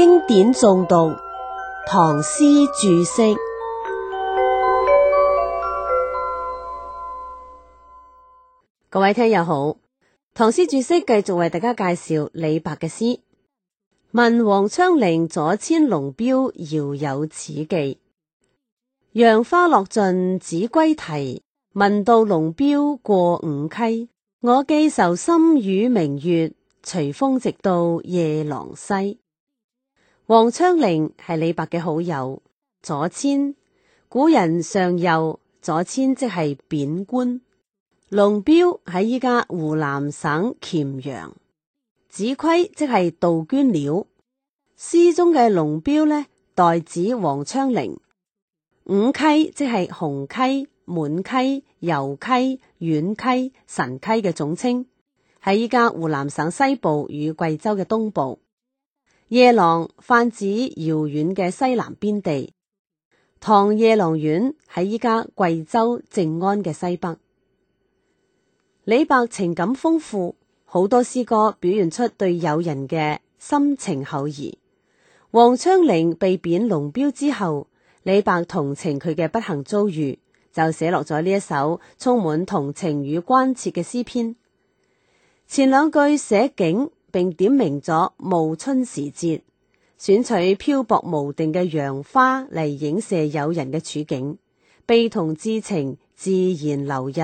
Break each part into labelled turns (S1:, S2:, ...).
S1: 經典誦讀，唐詩注釋。各位聽友好，唐詩注釋繼續為大家介紹李白嘅詩。聞王昌齡，左遷龍標，遙有此寄。楊花落盡子規啼，聞道龍標過五溪。我寄愁心與明月，隨風直到夜郎西。王昌齡係李白嘅好友，左遷，古人上右，左遷即係貶官。龍標喺依家湖南省黔陽，子規即係杜鵑鳥。詩中嘅龍標呢代指王昌齡。五溪即係紅溪、滿溪、酉溪、沅溪、沅溪、神溪嘅總稱，喺依家湖南省西部與貴州嘅東部。夜郎泛指遙遠嘅西南邊地，唐夜郎縣喺依家貴州靖安嘅西北。李白情感豐富，好多詩歌表現出對友人嘅深情厚誼。王昌齡被貶龍標之後，李白同情佢嘅不幸遭遇，就寫落咗呢一首充滿同情與關切嘅詩篇。前兩句寫景。並點明咗暮春時節，選取漂泊無定嘅楊花嚟影射友人嘅處境，悲痛之情自然流溢。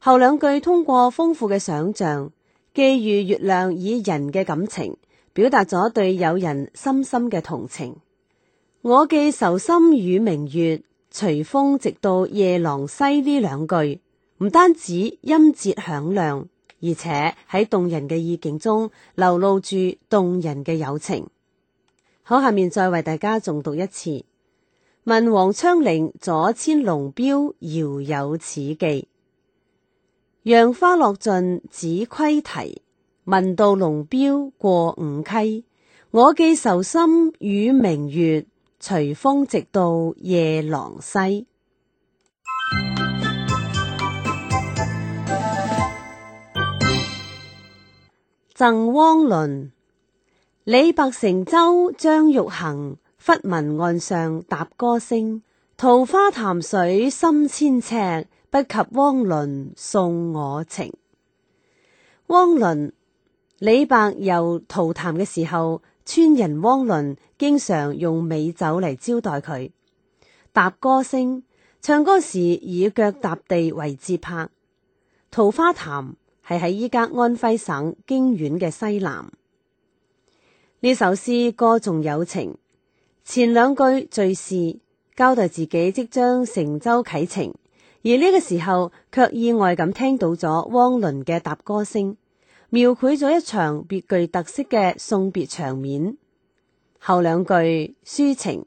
S1: 後兩句通過豐富嘅想象，寄予月亮以人嘅感情，表達咗對友人深深嘅同情。我寄愁心與明月，隨風直到夜郎西呢兩句，唔單止音節響亮。而且喺動人嘅意境中，流露住動人嘅友情。好，下面再為大家誦讀一次：聞王昌齡，左遷龍標，遙有此寄。楊花落盡子規啼，聞道龍標過五溪。我寄愁心與明月，隨風直到夜郎西。贈汪倫，李白乘舟將欲行，忽聞岸上踏歌聲。桃花潭水深千尺，不及汪倫送我情。汪倫，李白遊桃潭嘅時候，村人汪倫經常用美酒嚟招待佢。踏歌聲，唱歌時以腳踏地為節拍。桃花潭。係喺依家安徽省涇縣嘅西南，呢首詩歌頌友情。前兩句敘事，交代自己即將乘舟啟程，而呢個時候却意外咁聽到咗汪倫嘅踏歌聲，描繪咗一場別具特色嘅送別場面。後兩句抒情，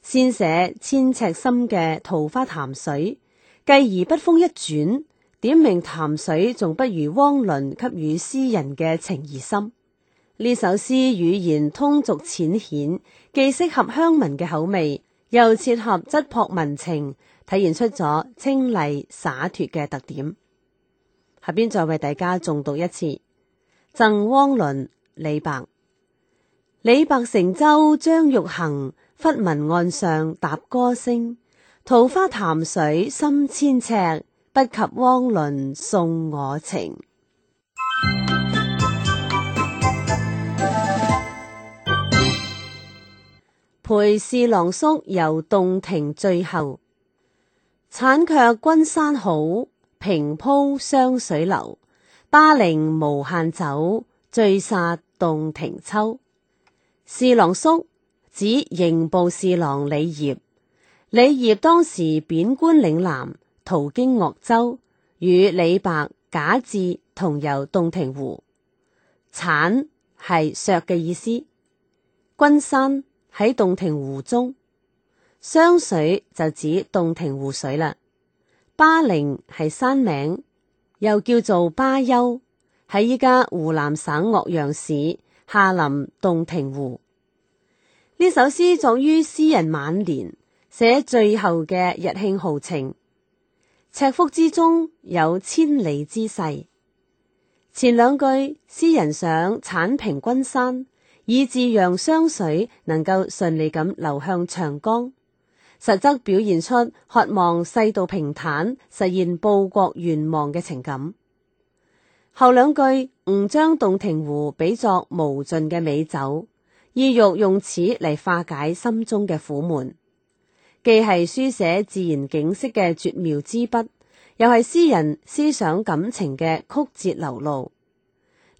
S1: 先寫千尺深嘅桃花潭水，繼而筆鋒一轉。點明潭水，仲不如汪倫給予詩人嘅情誼深。呢首詩語言通俗淺顯，既適合鄉民嘅口味，又切合質朴民情，體現出咗清麗灑脫嘅特點。下邊再為大家誦讀一次《贈汪倫》李白。李白乘舟將欲行，忽聞岸上踏歌聲。桃花潭水深千尺。不及汪倫送我情。陪侍郎叔遊洞庭醉後，剗卻君山好，平鋪湘水流。巴陵無限酒，醉殺洞庭秋。侍郎叔指刑部侍郎李曄，李曄當時貶官嶺南，途經岳州，與李白、賈至同遊洞庭湖。刬係削嘅意思。君山喺洞庭湖中，湘水就指洞庭湖水啦。巴陵係山名，又叫做巴丘，喺依家湖南省岳陽市下臨洞庭湖。呢首詩作於詩人晚年，寫最後嘅日慶豪情。尺幅之中有千里之勢，前兩句詩人想鏟平君山，以致讓湘水能夠順利咁流向長江，實則表現出渴望世道平坦、實現報國願望嘅情感。後兩句唔將洞庭湖比作無盡嘅美酒，意欲用此嚟化解心中嘅苦悶。既係書寫自然景色嘅絕妙之筆，又係詩人思想感情嘅曲折流露。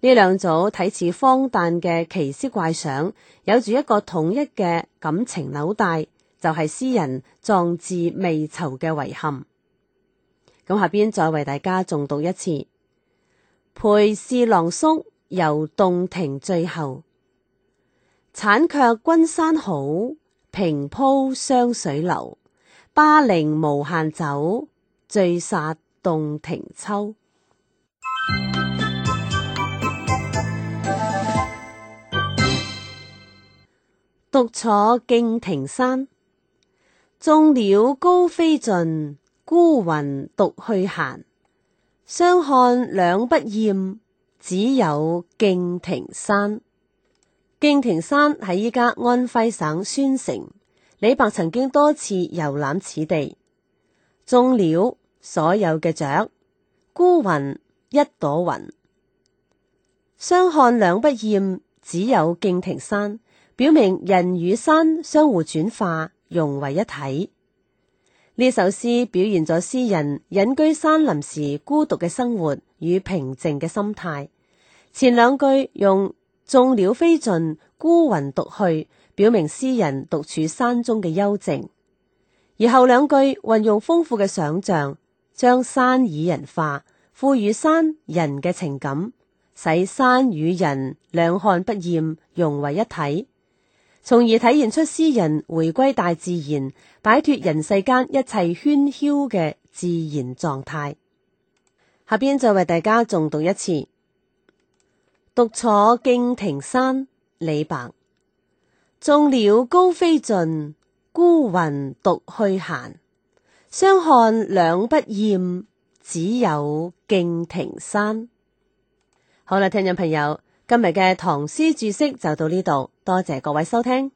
S1: 呢兩組睇似荒誕嘅奇思怪想，有住一個統一嘅感情紐帶，就係、是、詩人壯志未酬嘅遺憾。咁下邊再為大家重讀一次，陪侍郎叔遊洞庭醉後，刬卻君山好。平鋪湘水流，巴陵無限酒，醉殺洞庭秋。獨 坐敬亭山，眾鳥高飛盡，孤雲獨去閒。相看兩不厭，只有敬亭山。敬亭山喺依家安徽省宣城，李白曾經多次遊覽此地，眾鳥，所有嘅雀孤雲，一朵雲。相看兩不厭，只有敬亭山，表明人與山相互轉化，融為一體。呢首詩表現咗詩人隱居山林時孤獨嘅生活與平靜嘅心態。前兩句用眾鳥飛盡，孤雲獨去，表明詩人獨處山中嘅幽靜。而後兩句運用豐富嘅想象，將山擬人化，賦予山人嘅情感，使山與人兩看不厭，融為一體，從而體現出詩人回歸大自然、擺脫人世間一切喧囂嘅自然狀態。下邊再為大家誦讀一次。獨坐敬亭山，李白。眾鳥高飛盡，孤雲獨去閒。相看兩不厭，只有敬亭山。好啦，聽眾朋友，今日嘅唐詩注釋就到呢度，多謝各位收聽。